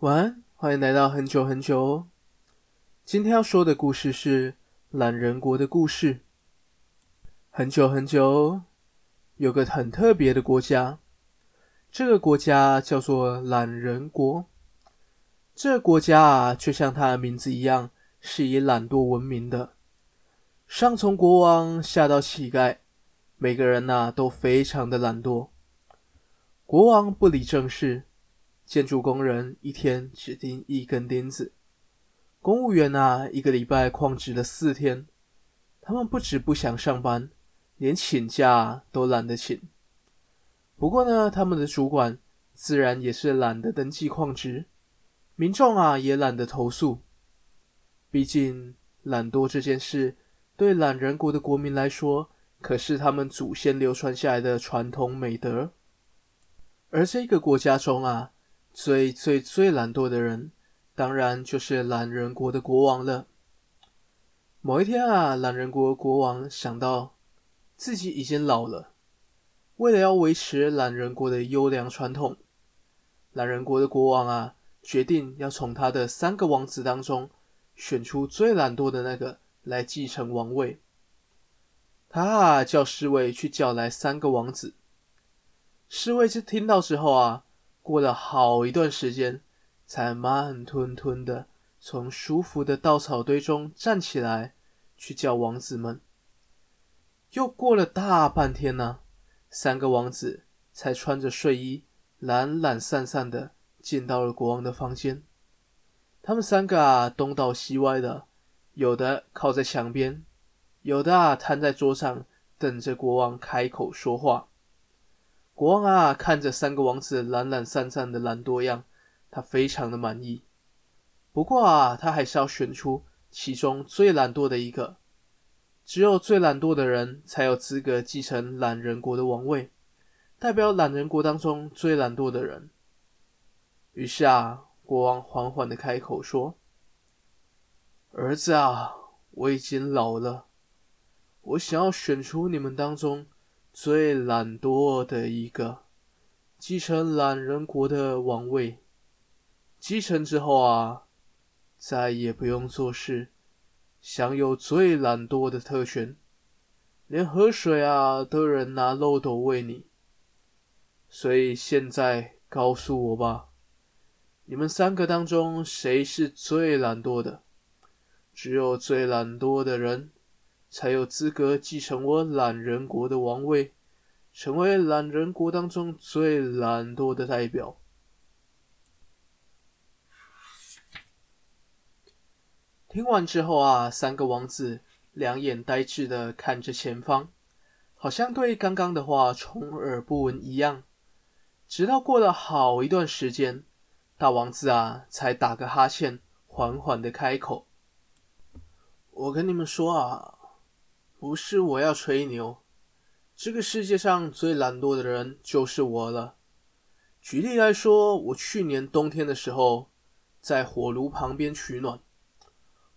晚安，歡迎來到很久很久哦。今天要說的故事是《懶人國》的故事。很久很久，有個很特別的國家，這個國家叫做懶人國。這個國家啊，卻像它的名字一樣，是以懶惰聞名的。上從國王，下到乞丐，每個人吶、啊，都非常的懶惰。國王不理政事。建築工人一天只釘一根釘子，公務員啊，一個禮拜曠職了四天，他們不止不想上班，連請假都懶得請。不過呢，他們的主管自然也是懶得登記曠職，民眾啊也懶得投訴。畢竟，懶惰這件事對懶人國的國民來說，可是他們祖先流傳下來的傳統美德。而這個國家中啊。最最最懶惰的人，當然就是懶人國的國王了。某一天啊，懶人國國王想到自己已經老了，為了要維持懶人國的優良傳統，懶人國的國王啊，決定要從他的三個王子當中選出最懶惰的那個來繼承王位。他啊，叫侍衛去叫來三個王子，侍衛在聽到之後啊。過了好一段時間，才慢吞吞的從舒服的稻草堆中站起來，去叫王子們。又過了大半天呢，三個王子才穿着睡衣懶懶散散的進到了國王的房間。他們三個啊，東倒西歪的，有的靠在牆邊，有的啊攤在桌上，等着國王開口說話。國王啊，看着三個王子懶懶散散的懶惰樣，他非常的滿意。不過啊，他還是要選出其中最懶惰的一個，只有最懶惰的人才有資格繼承懶人國的王位，代表懶人國當中最懶惰的人。於是啊，國王緩緩的開口說：“兒子啊，我已經老了，我想要選出你們當中。”最懶惰的一個，繼承懶人國的王位。繼承之後啊，再也不用做事，享有最懶惰的特權，連喝水啊都有人拿漏斗餵你。所以現在告訴我吧，你們三個當中誰是最懶惰的？只有最懶惰的人，才有資格繼承我懶人國的王位，成為懶人國當中最懶惰的代表。聽完之後啊，三個王子兩眼呆滯的看着前方，好像對剛剛的話充耳不聞一樣。直到過了好一段時間，大王子啊才打個哈欠，緩緩的開口：“我跟你們說啊。”不是我要吹牛，這個世界上最懶惰的人就是我了。舉例來說，我去年冬天的時候，在火爐旁邊取暖，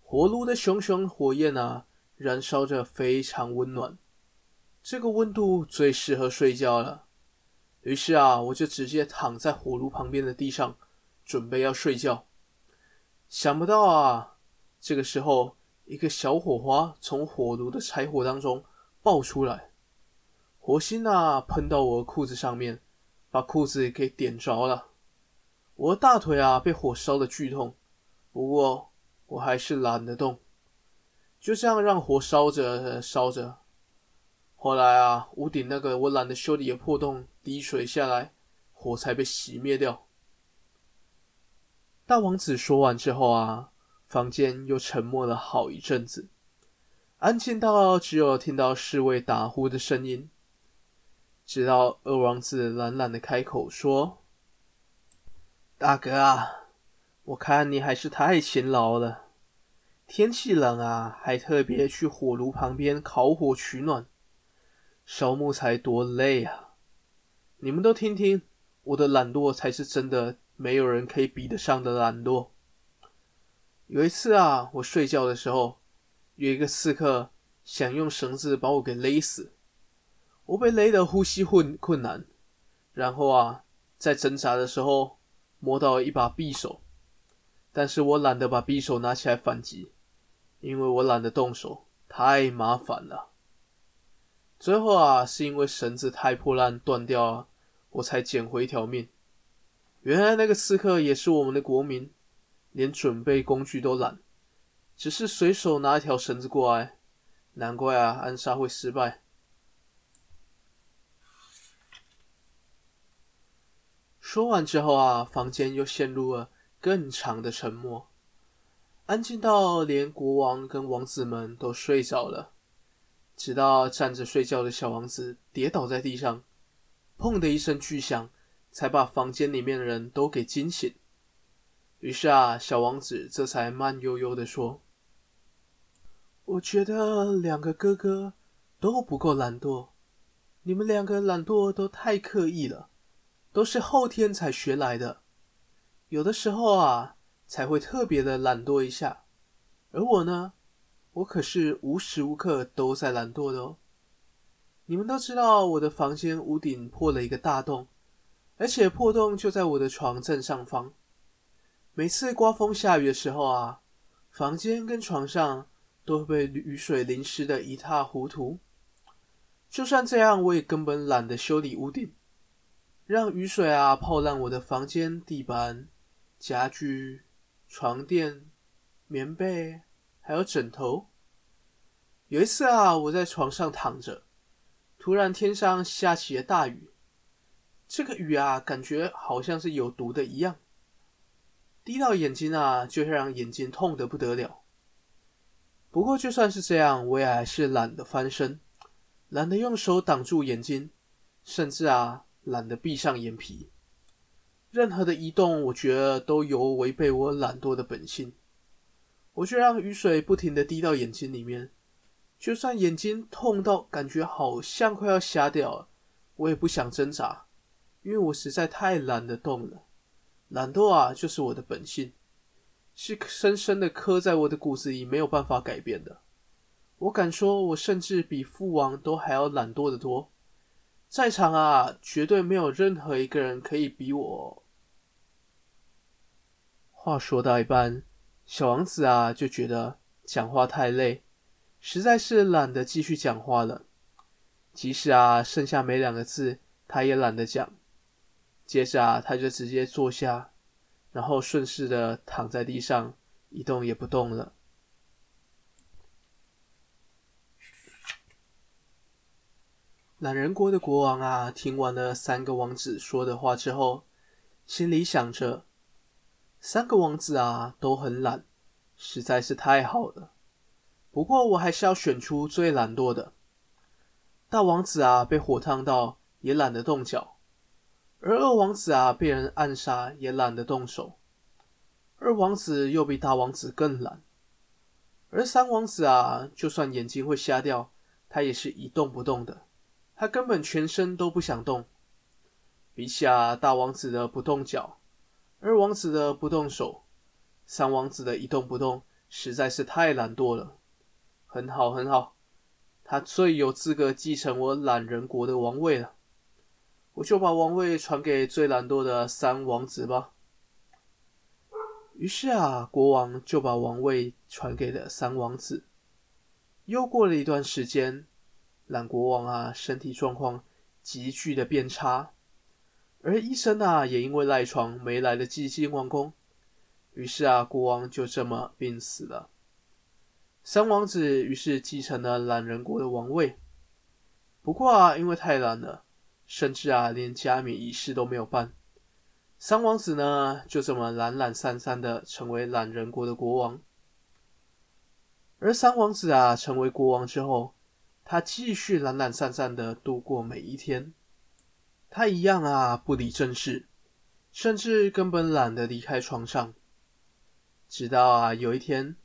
火爐的熊熊火焰啊，燃燒着非常溫暖，這個溫度最適合睡覺了。於是啊，我就直接躺在火爐旁邊的地上，準備要睡覺。想不到啊，這個時候。一個小火花從火爐的柴火當中爆出來，火星啊噴到我褲子上面，把褲子給點着了。我的大腿啊被火燒得劇痛，不過我還是懶得動，就這樣讓火燒着燒着。後來啊，屋頂那個我懶得修理的破洞滴水下來，火才被熄滅掉。大王子說完之後啊。房間又沉默了好一陣子，安靜到只有聽到侍衛打呼的聲音。直到二王子懶懶的開口說：“大哥啊，我看你還是太勤勞了。天氣冷啊，還特別去火爐旁邊烤火取暖，燒木材多累啊！你們都聽聽，我的懶惰才是真的，沒有人可以比得上的懶惰。”有一次啊，我睡覺的時候，有一個刺客想用繩子把我給勒死，我被勒得呼吸困困難，然後啊，在掙扎的時候摸到了一把匕首，但是我懶得把匕首拿起來反擊，因為我懶得動手，太麻煩了。最後啊，是因為繩子太破爛，斷掉了，我才撿回一條命。原來那個刺客也是我們的國民。連準備工具都懶，只是隨手拿一條繩子過來，難怪啊，暗殺會失敗。說完之後啊，房間又陷入了更長的沉默，安靜到連國王跟王子們都睡着了。直到站着睡覺的小王子跌倒在地上，砰的一聲巨響，才把房間裡面的人都給驚醒。於是啊，小王子這才慢悠悠的說：“我覺得兩個哥哥都不夠懶惰，你們兩個懶惰都太刻意了，都是後天才學來的，有的時候啊才會特別的懶惰一下。而我呢，我可是無時無刻都在懶惰的哦。你們都知道我的房間屋頂破了一個大洞，而且破洞就在我的床正上方。”每次刮風下雨的時候啊，房間跟床上都會被雨水淋濕得一塌糊塗。就算這樣，我也根本懶得修理屋頂，讓雨水啊泡爛我的房間地板、家具、床墊、棉被還有枕頭。有一次啊，我在床上躺着，突然天上下起了大雨，這個雨啊，感覺好像是有毒的一樣。滴到眼睛啊，就會讓眼睛痛得不得了。不過就算是這樣，我也還是懶得翻身，懶得用手擋住眼睛，甚至啊，懶得閉上眼皮。任何的移動，我覺得都有違背我懶惰的本性。我就讓雨水不停的滴到眼睛裡面，就算眼睛痛到感覺好像快要瞎掉了，我也不想掙扎，因為我實在太懶得動了。懶惰啊，就是我的本性，是深深的刻在我的骨子裡，沒有辦法改變的。我敢說，我甚至比父王都還要懶惰得多。在場啊，絕對沒有任何一個人可以比我。話說到一半，小王子啊就覺得講話太累，實在是懶得繼續講話了。即使啊剩下沒兩個字，他也懶得講。接着啊，他就直接坐下，然後順勢的躺在地上，一動也不動了。懶人國的國王啊，聽完了三個王子說的話之後，心裡想着：三個王子啊，都很懶，實在是太好了。不過，我還是要選出最懶惰的。大王子啊，被火燙到也懶得動腳。而二王子啊，被人暗殺也懶得動手；二王子又比大王子更懶；而三王子啊，就算眼睛會瞎掉，他也是一動不動的，他根本全身都不想動。比起、啊、大王子的不動腳，二王子的不動手，三王子的一動不動實在是太懶惰了。很好，很好，他最有資格繼承我懶人國的王位了。我就把王位傳給最懶惰的三王子吧。於是啊，國王就把王位傳給了三王子。又過了一段時間，懶國王啊身體狀況急劇的變差，而醫生啊也因為賴床沒來得及進皇宮。於是啊，國王就這麼病死了。三王子於是繼承了懶人國的王位。不過啊，因為太懶了。甚至啊，連加冕儀式都沒有辦。三王子呢，就這麼懶懶散散的成為懶人國的國王。而三王子啊，成為國王之後，他繼續懶懶散散的度過每一天。他一樣啊，不理政事，甚至根本懶得離開床上。直到啊，有一天，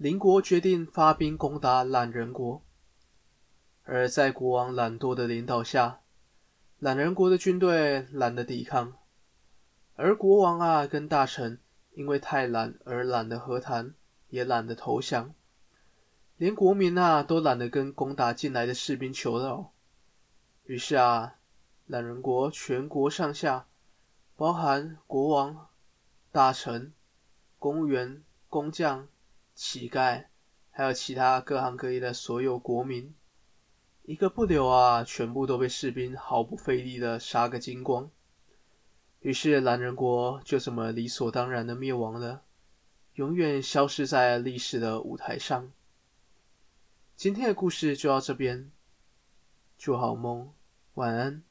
鄰國決定發兵攻打懶人國，而在國王懶惰的領導下。懶人國的軍隊懶得抵抗，而國王啊跟大臣因為太懶而懶得和談，也懶得投降，連國民啊都懶得跟攻打進來的士兵求饒。於是啊，懶人國全國上下，包含國王、大臣、公務員、工匠、乞丐，還有其他各行各業的所有國民。一個不留啊！全部都被士兵毫不費力的殺個精光。於是懶人國就這麼理所當然的滅亡了，永遠消失在歷史的舞台上。今天的故事就到這邊，祝好夢，晚安。